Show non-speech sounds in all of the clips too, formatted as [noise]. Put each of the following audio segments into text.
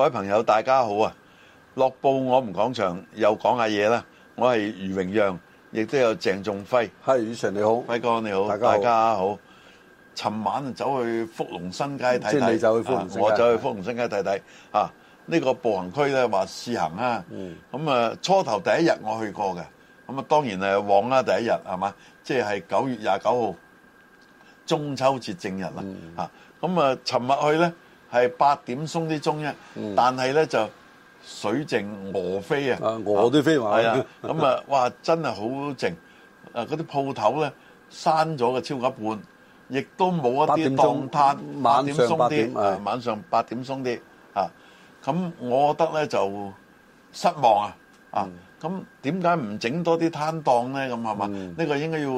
各位朋友，大家好啊！《樂報》我唔講場，又講下嘢啦。我係余榮讓，亦都有鄭仲輝。係宇晨你好，輝哥你好，大家好。尋晚走去福隆新街睇睇，走去福隆新街。看 啊、我走去福隆新街睇睇呢個步行區咧，話試行啊。咁、嗯、啊，初頭第一日我去過嘅，咁啊，當然誒，旺啦、啊、第一日係嘛，即係九月廿九號中秋節正日啦、啊。嗯。咁啊，尋日去咧。係八點鬆啲鐘啫，但係咧就水靜鵝飛啊！啊，鵝都飛埋，咁啊，哇，真係好靜啊！嗰啲鋪頭咧，閂咗嘅超過一半，亦都冇一啲檔攤。晚上八點，晚上八點鬆啲啊，咁我覺得咧就失望啊！啊！咁點解唔整多啲攤檔咧？咁係嘛？呢個應該要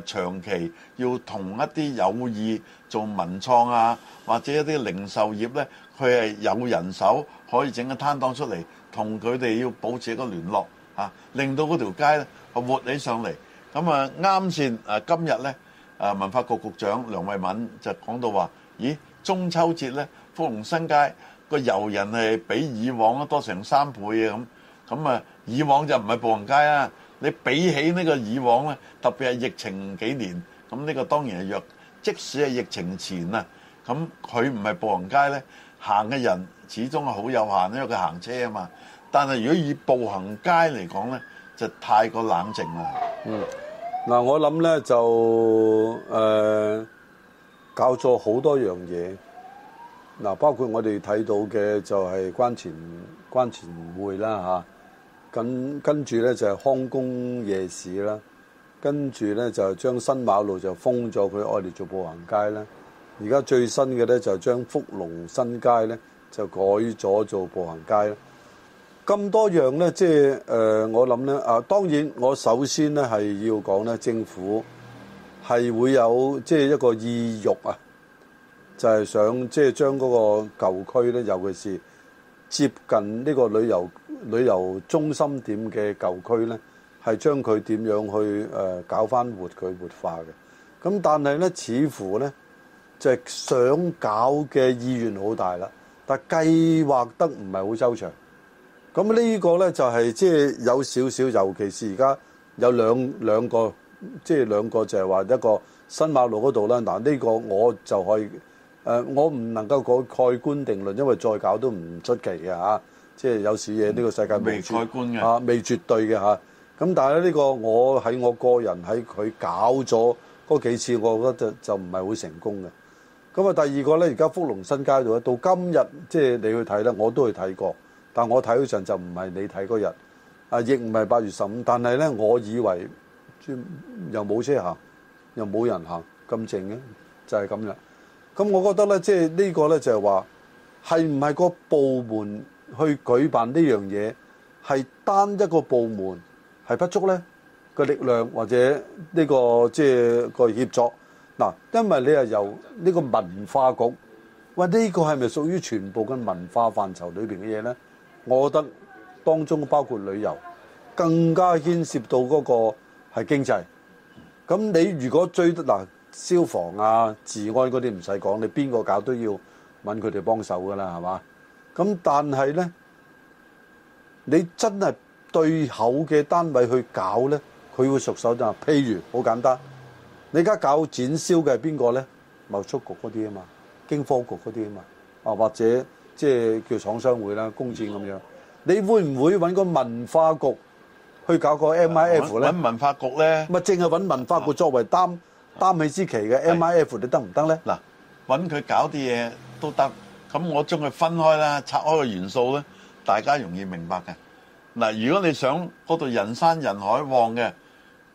誒長期要同一啲有意做文創啊，或者一啲零售業咧，佢係有人手可以整個攤檔出嚟，同佢哋要保持一個聯絡嚇，令到嗰條街啊活起上嚟。咁啊啱先啊，今日咧啊文化局局長梁慧敏就講到話，咦，中秋節咧，福隆新街個遊人係比以往多成三倍啊！咁咁啊。以往就唔係步行街啊！你比起呢個以往咧，特別係疫情幾年，咁呢個當然係弱。即使係疫情前啊，咁佢唔係步行街咧，行嘅人始終係好有限，因為佢行車啊嘛。但係如果以步行街嚟講咧，就太過冷靜啦。嗯，嗯，嗱，我諗咧就誒教咗好多樣嘢，嗱，包括我哋睇到嘅就係關前關前會啦吓咁跟住咧就係康公夜市啦，跟住咧就將新馬路就封咗佢，我哋做步行街咧。而家最新嘅咧就係將福隆新街咧就改咗做步行街啦。咁多樣咧，即係誒我諗咧啊，當然我首先咧係要講咧，政府係會有即係一個意欲啊，就係想即係將嗰個舊區咧，尤其是接近呢個旅遊。旅遊中心點嘅舊區呢，係將佢點樣去誒、呃、搞翻活佢活化嘅。咁、嗯、但係呢，似乎呢，就係、是、想搞嘅意願好大啦，但計劃得唔係好周詳。咁、嗯、呢、這個呢，就係即係有少少，尤其是而家有兩兩,兩個，即係兩個就係話一個新馬路嗰度啦。嗱，呢個我就可以誒、呃，我唔能夠蓋蓋棺定論，因為再搞都唔出奇嘅吓。即係有時嘢呢個世界未未蓋棺嘅啊，未絕對嘅嚇咁、啊、但係咧，呢個我喺我個人喺佢搞咗嗰幾次，我覺得就就唔係好成功嘅。咁啊，第二個咧，而家福隆新街道咧，到今日即係你去睇咧，我都去睇過，但我睇嗰陣就唔係你睇嗰日啊，亦唔係八月十五。但係咧，我以為又冇車行，又冇人行咁靜嘅，就係、是、咁樣咁、啊、我覺得咧，即係呢個咧就係話係唔係個部門？去舉辦呢樣嘢係單一個部門係不足呢個力量或者呢個即係個協作，嗱，因為你係由呢個文化局，喂呢個係咪屬於全部嘅文化範疇裏邊嘅嘢呢？我覺得當中包括旅遊，更加牽涉到嗰個係經濟。咁你如果追得嗱消防啊、治安嗰啲唔使講，你邊個搞都要揾佢哋幫手噶啦，係嘛？咁但係咧，你真係對口嘅單位去搞咧，佢會熟手啲啊。譬如好簡單，你而家搞展銷嘅係邊個咧？貿促局嗰啲啊嘛，經科局嗰啲啊嘛，啊或者即係叫廠商會啦、工展咁樣，你會唔會揾個文化局去搞個 MIF 咧？揾文化局咧？咪淨係揾文化局作為擔擔起之旗嘅 MIF，你得唔得咧？嗱，揾佢搞啲嘢都得。咁我將佢分開啦，拆開個元素咧，大家容易明白嘅。嗱，如果你想嗰度人山人海旺嘅，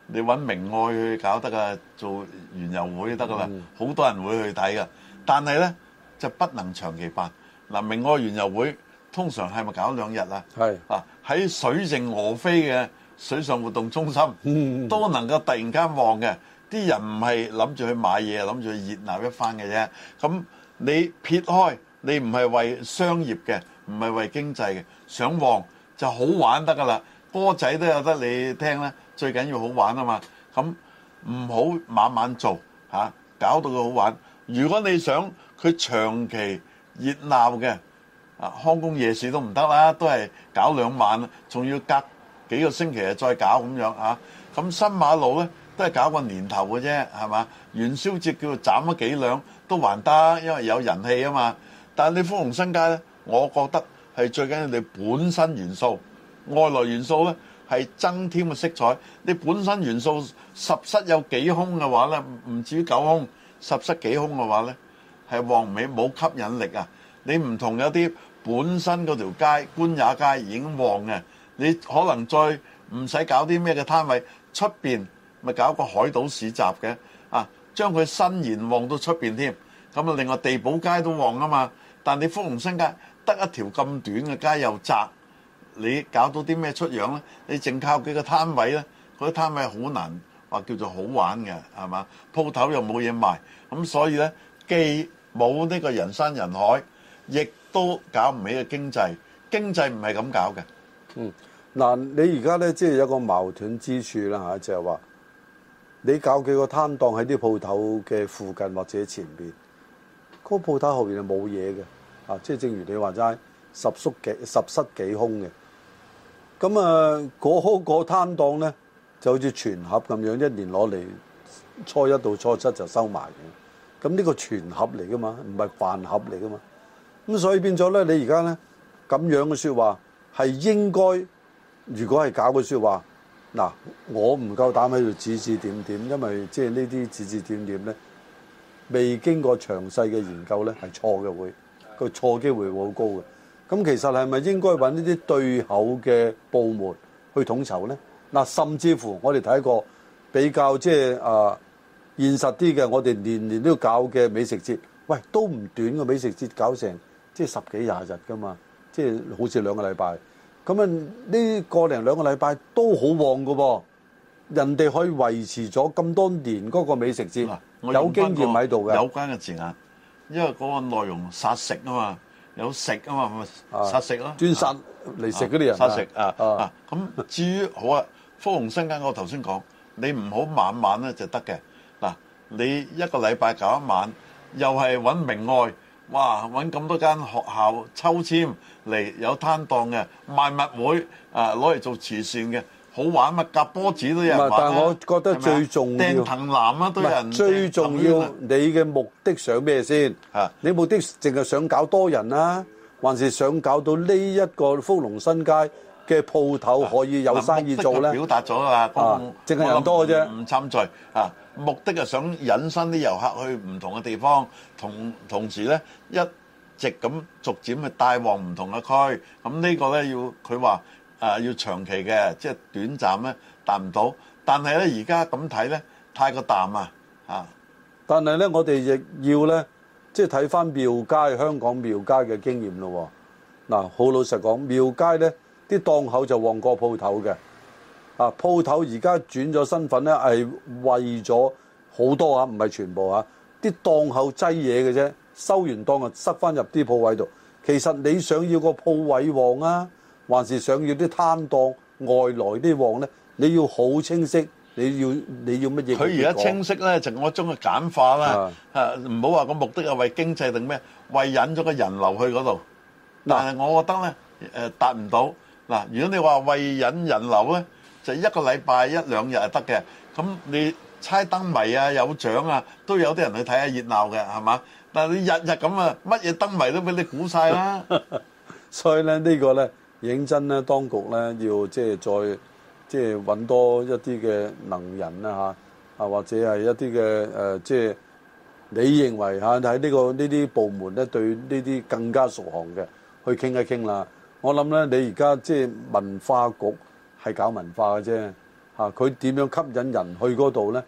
你揾明愛去搞得噶，做園遊會就得噶啦，好多人會去睇噶。但係咧，就不能長期辦。嗱，明愛園遊會通常係咪搞兩日啊？係啊，喺水靜鵝飛嘅水上活動中心，都能夠突然間旺嘅。啲人唔係諗住去買嘢，諗住去熱鬧一番嘅啫。咁你撇開。你唔係為商業嘅，唔係為經濟嘅，想旺就好玩得㗎喇，波仔都有得你聽啦，最緊要好玩啊嘛。咁唔好晚晚做嚇、啊，搞到佢好玩。如果你想佢長期熱鬧嘅，啊，康公夜市都唔得啦，都係搞兩晚，仲要隔幾個星期再搞咁樣嚇。咁、啊啊、新馬路咧都係搞個年頭嘅啫，係嘛？元宵節叫斬咗幾兩都還得，因為有人氣啊嘛。但係你福隆新街咧，我覺得係最緊要你本身元素，外來元素咧係增添嘅色彩。你本身元素十室有幾空嘅話咧，唔至於九空十室幾空嘅話咧，係旺唔起冇吸引力啊！你唔同有啲本身嗰條街官也街已經旺嘅，你可能再唔使搞啲咩嘅攤位，出邊咪搞個海島市集嘅啊，將佢伸延旺到出面添。咁啊，另外地堡街都旺啊嘛～但你福龍新街得一條咁短嘅街又窄，你搞到啲咩出樣咧？你淨靠幾個攤位咧？嗰啲攤位好難話叫做好玩嘅，係嘛？鋪頭又冇嘢賣，咁所以咧既冇呢個人山人海，亦都搞唔起個經濟。經濟唔係咁搞嘅。嗯，嗱，你而家咧即係有個矛盾之處啦吓，就係話你搞幾個攤檔喺啲鋪頭嘅附近或者前面，嗰鋪頭後面係冇嘢嘅。啊！即係正如你話齋，十縮幾十室幾空嘅。咁啊，嗰、嗰個嗰攤檔咧，就好似全盒咁樣，一年攞嚟初一到初七就收埋嘅。咁呢個全盒嚟噶嘛，唔係飯盒嚟噶嘛。咁所以變咗咧，你而家咧咁樣嘅說話係應該，如果係搞嘅說話，嗱，我唔夠膽喺度指指點點，因為即係呢啲指指點點咧，未經過詳細嘅研究咧，係錯嘅會。個錯機會會好高嘅，咁其實係咪應該搵呢啲對口嘅部門去統籌咧？嗱，甚至乎我哋睇過比較即係啊現實啲嘅，我哋年年都搞嘅美食節，喂，都唔短嘅美食節，搞成即係十幾廿日㗎嘛，即係好似兩個禮拜，咁啊呢個零兩個禮拜都好旺㗎喎，人哋可以維持咗咁多年嗰個美食節，有經驗喺度嘅，有關嘅字眼。因為嗰個內容殺食啊嘛，有食啊嘛，咪殺食咯，專殺嚟食嗰啲人殺食啊！啊咁至於好啊，福隆新街我頭先講，你唔好晚晚咧就得嘅。嗱，你一個禮拜搞一晚，又係揾明愛，哇！揾咁多間學校抽籤嚟有攤檔嘅賣物會啊，攞嚟做慈善嘅。好玩啊，夾波子都有人玩、啊。但係我覺得最重要，掹藤籃啊，都有人掹。最重要，你嘅目的想咩先？啊、你目的淨係想搞多人啦、啊，還是想搞到呢一個福隆新街嘅鋪頭可以有生意做咧？表達咗啊，淨係人多啫，唔參雜。目的係、啊想，啊、想引申啲遊客去唔同嘅地方，同同時咧一直咁逐漸去帶旺唔同嘅區。咁呢個咧要佢話。啊，要長期嘅，即係短暫咧，達唔到。但係咧，而家咁睇咧，太過淡啊！啊，但係咧，我哋亦要咧，即係睇翻廟街香港廟街嘅經驗咯、哦。嗱、啊，好老實講，廟街咧啲檔口就旺過鋪頭嘅。啊，鋪頭而家轉咗身份咧，係為咗好多啊，唔係全部啊，啲檔口擠嘢嘅啫，收完檔啊，塞翻入啲鋪位度。其實你想要個鋪位旺啊？還是想要啲攤檔外來啲旺咧？你要好清晰，你要你要乜嘢？佢而家清晰咧，就我將佢簡化啦。啊，唔好話個目的係為經濟定咩？為引咗個人流去嗰度。但係我覺得咧，誒達唔到。嗱，如果你話為引人流咧，就一個禮拜一兩日係得嘅。咁你猜燈謎啊，有獎啊，都有啲人去睇下熱鬧嘅，係嘛？但係你日日咁啊，乜嘢燈謎都俾你估晒啦。所以咧，呢個咧。認真咧，當局咧要即係再即係揾多一啲嘅能人啦嚇，啊或者係一啲嘅誒即係你認為嚇喺呢個呢啲部門咧對呢啲更加熟行嘅去傾一傾啦。我諗咧，你而家即係文化局係搞文化嘅啫嚇，佢點樣吸引人去嗰度咧？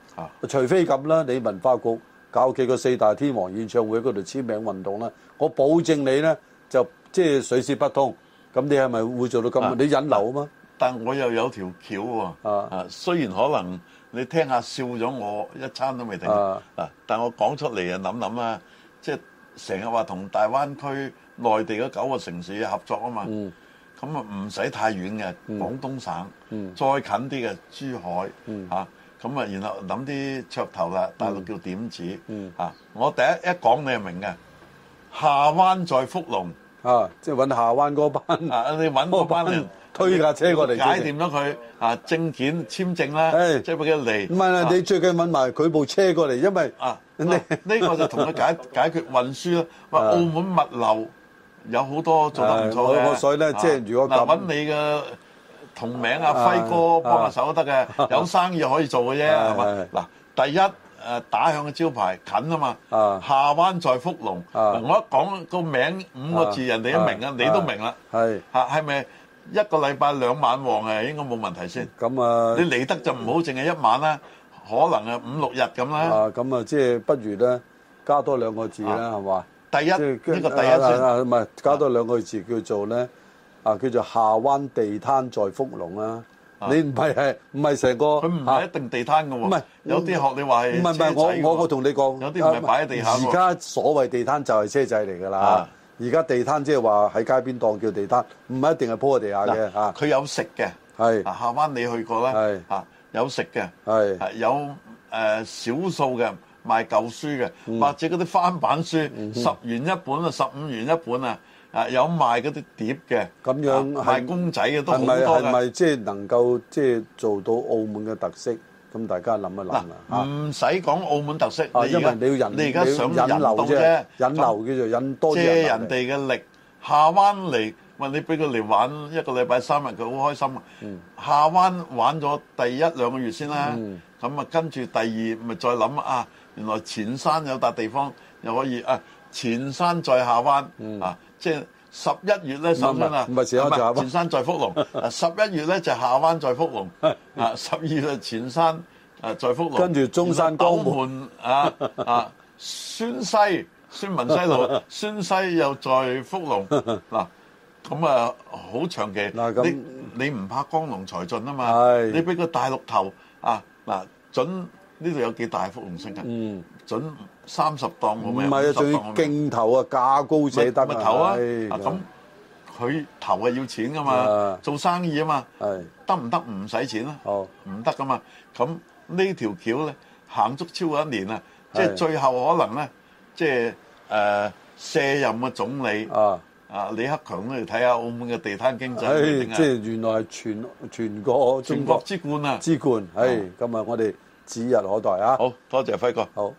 除非咁啦，你文化局搞幾個四大天王演唱會嗰度簽名運動啦，我保證你咧就即係水泄不通。咁你係咪會做到咁？你引流啊嘛，但我又有條橋喎。啊，雖然可能你聽下笑咗我一餐都未定。啊，嗱，但係我講出嚟啊，諗諗啦，即係成日話同大灣區內地嗰九個城市合作啊嘛。嗯。咁啊唔使太遠嘅廣東省，嗯，再近啲嘅珠海，嗯，嚇，咁啊然後諗啲噱頭啦，大陸叫點子，嗯，嚇，我第一一講你係明嘅，下灣在福隆。啊！即係揾下灣嗰班啊！你揾嗰班推架車過嚟，解掂咗佢啊！證件、簽證啦，即係俾佢嚟。唔係唔係，你最緊揾埋佢部車過嚟，因為啊，呢呢個就同佢解解決運輸啦。話澳門物流有好多做得唔錯嘅，所以咧，即係如果嗱揾你嘅同名阿輝哥幫下手都得嘅，有生意可以做嘅啫。嗱，第一。誒打響嘅招牌近啊嘛，下灣在福隆，我一講個名五個字，人哋都明啊，你都明啦。係嚇係咪一個禮拜兩晚旺啊？應該冇問題先。咁啊，你嚟得就唔好淨係一晚啦，可能啊五六日咁啦。啊咁啊，即係不如咧加多兩個字啦，係嘛？第一呢個第一先，唔係加多兩個字叫做咧啊，叫做下灣地攤在福隆啊。你唔係唔係成個佢唔係一定地攤㗎喎，唔係是有啲學你話係唔係唔係我我我同你講，有啲唔係擺喺地下。而家所謂地攤就係車仔嚟㗎啦。而家的地攤即係話喺街邊檔叫地攤，唔係一定係鋪喺地下嘅嚇，佢有食嘅係。啊的，夏灣你去過啦，係的、啊、有食嘅係，的的有呃、少數嘅。賣舊書嘅，或者嗰啲翻版書，十元一本啊，十五元一本啊，啊有賣嗰啲碟嘅，咁樣，賣公仔嘅都好多噶。係咪係咪即係能夠即係做到澳門嘅特色？咁大家諗一諗啦。唔使講澳門特色，你而家想引流啫，引流叫做引多啲人嚟。借人哋嘅力下彎嚟。你俾佢嚟玩一個禮拜三日，佢好開心啊！嗯、下灣玩咗第一兩個月先啦，咁啊、嗯、跟住第二咪再諗啊，原來前山有笪地方又可以啊！前山再下灣啊，即係十一月咧，諗緊啦，唔係上前山再前山再福隆啊！十一月咧就下灣再福隆啊！十二月前山再福隆跟住中山高、澳門 [laughs] 啊啊，孫西孫文西路，孫西又再福隆嗱。啊咁啊，好長期，你你唔怕江郎才盡啊嘛？你俾個大陸頭啊，嗱，準呢度有幾大幅紅色嘅？嗯，準三十檔咁樣？唔係啊，仲要鏡頭啊，價高者得啊，頭啊！咁佢投係要錢噶嘛，做生意啊嘛，得唔得唔使錢啊，哦，唔得噶嘛。咁呢條橋咧行足超過一年啊，即係最後可能咧，即係誒卸任嘅總理啊。啊！李克強嚟睇下澳門嘅地攤經濟，哎、即係原來係全全國，中國全國之冠啊！之冠，係、嗯、今日我哋指日可待啊！好多謝輝哥，好。